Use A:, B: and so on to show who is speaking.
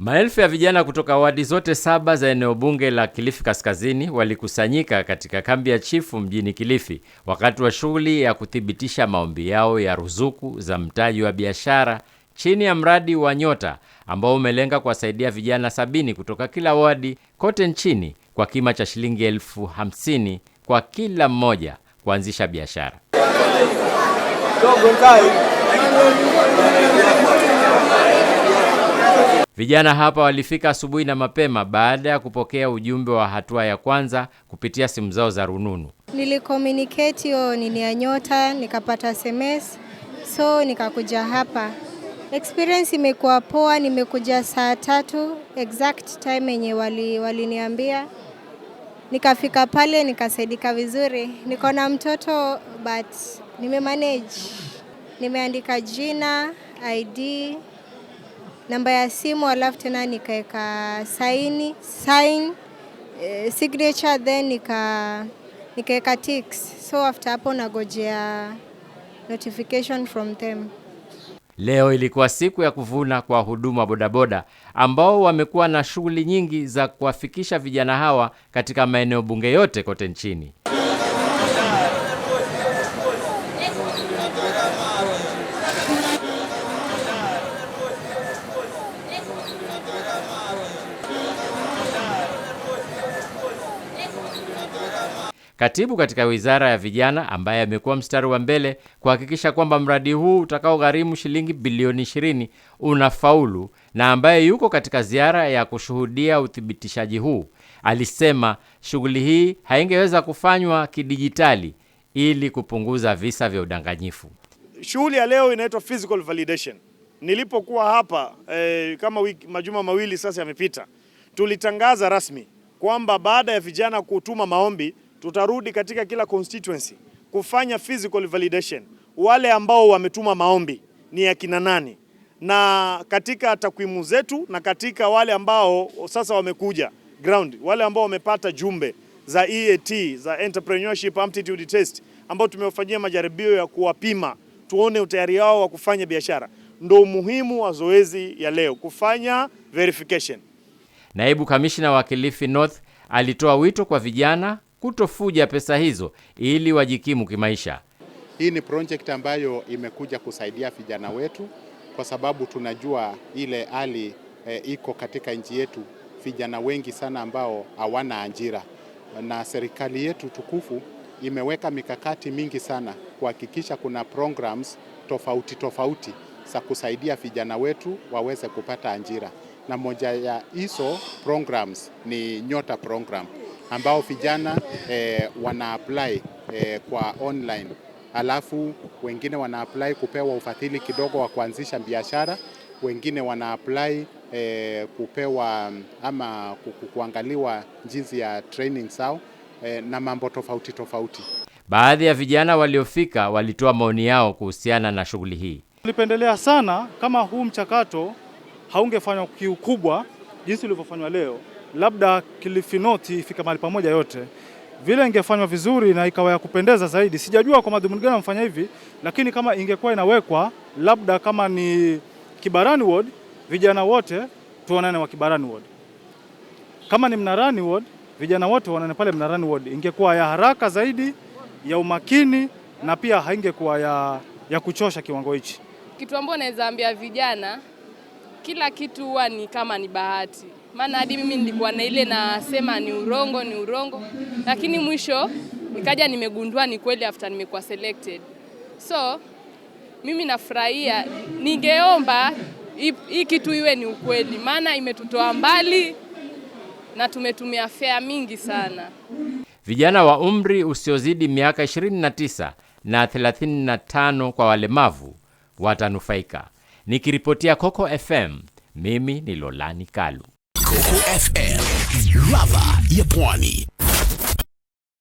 A: Maelfu ya vijana kutoka wadi zote saba za eneo bunge la Kilifi Kaskazini walikusanyika katika kambi ya chifu mjini Kilifi wakati wa shughuli ya kuthibitisha maombi yao ya ruzuku za mtaji wa biashara chini ya mradi wa Nyota ambao umelenga kuwasaidia vijana sabini kutoka kila wadi kote nchini kwa kima cha shilingi elfu hamsini kwa kila mmoja kuanzisha biashara. Vijana hapa walifika asubuhi na mapema baada ya kupokea ujumbe wa hatua ya kwanza kupitia simu zao za rununu.
B: Nilikomuniketi hiyo nini ya nyota, nikapata SMS, so nikakuja hapa. Experience imekuwa poa, nimekuja saa tatu exact time yenye waliniambia wali nikafika pale nikasaidika vizuri. Niko na mtoto but nimemanage, nimeandika jina, ID namba ya simu, alafu tena nikaweka saini sign e, signature then nika nikaweka ticks. So after hapo nagojea notification from them.
A: Leo ilikuwa siku ya kuvuna kwa huduma bodaboda ambao wamekuwa na shughuli nyingi za kuwafikisha vijana hawa katika maeneo bunge yote kote nchini. Katibu katika wizara ya vijana ambaye amekuwa mstari wa mbele kuhakikisha kwamba mradi huu utakaogharimu shilingi bilioni 20 unafaulu na ambaye yuko katika ziara ya kushuhudia uthibitishaji huu alisema shughuli hii haingeweza kufanywa kidijitali ili kupunguza visa vya udanganyifu.
C: Shughuli ya leo inaitwa physical validation. Nilipokuwa hapa eh, kama wiki, majuma mawili sasa yamepita, tulitangaza rasmi kwamba baada ya vijana kutuma maombi, tutarudi katika kila constituency kufanya physical validation, wale ambao wametuma maombi ni akina nani, na katika takwimu zetu na katika wale ambao sasa wamekuja ground, wale ambao wamepata jumbe za EAT za entrepreneurship aptitude test ambao tumewafanyia majaribio ya kuwapima tuone utayari wao wa kufanya biashara. Ndo umuhimu wa zoezi ya leo kufanya verification.
A: Naibu kamishina wa Kilifi North alitoa wito kwa vijana kutofuja pesa hizo ili wajikimu kimaisha.
D: Hii ni project ambayo imekuja kusaidia vijana wetu kwa sababu tunajua ile hali e, iko katika nchi yetu, vijana wengi sana ambao hawana ajira, na serikali yetu tukufu imeweka mikakati mingi sana kuhakikisha kuna programs tofauti tofauti za kusaidia vijana wetu waweze kupata ajira na moja ya hizo programs ni Nyota program ambao vijana eh, wana apply eh, kwa online, alafu wengine wana apply kupewa ufadhili kidogo wa kuanzisha biashara, wengine wana apply eh, kupewa ama kuangaliwa jinsi ya training zao eh, na mambo tofauti tofauti.
A: Baadhi ya vijana waliofika walitoa maoni yao kuhusiana na shughuli hii.
C: Tulipendelea sana kama huu mchakato haungefanywa kiukubwa jinsi ulivyofanywa leo, labda kilifinoti ifika mahali pamoja yote vile ingefanywa vizuri na ikawa ya kupendeza zaidi. Sijajua kwa madhumuni gani wamfanya hivi, lakini kama ingekuwa inawekwa labda kama ni Kibarani Ward, vijana wote tuonane wa Kibarani Ward. Kama ni Mnarani Ward, vijana wote waonane pale Mnarani Ward. Ingekuwa ya haraka zaidi, ya umakini na pia haingekuwa ya, ya kuchosha kiwango hichi.
E: Kitu ambacho naweza ambia vijana kila kitu huwa ni kama ni bahati, maana hadi mimi nilikuwa na ile nasema ni urongo ni urongo, lakini mwisho nikaja nimegundua ni kweli after nimekuwa selected. So mimi nafurahia, ningeomba hii kitu iwe ni ukweli, maana imetutoa mbali na tumetumia fea mingi sana.
A: Vijana wa umri usiozidi miaka 29 na 35 kwa walemavu watanufaika. Nikiripotia Coco FM, mimi ni Lolani Kalu, Coco FM, ladha ya Pwani.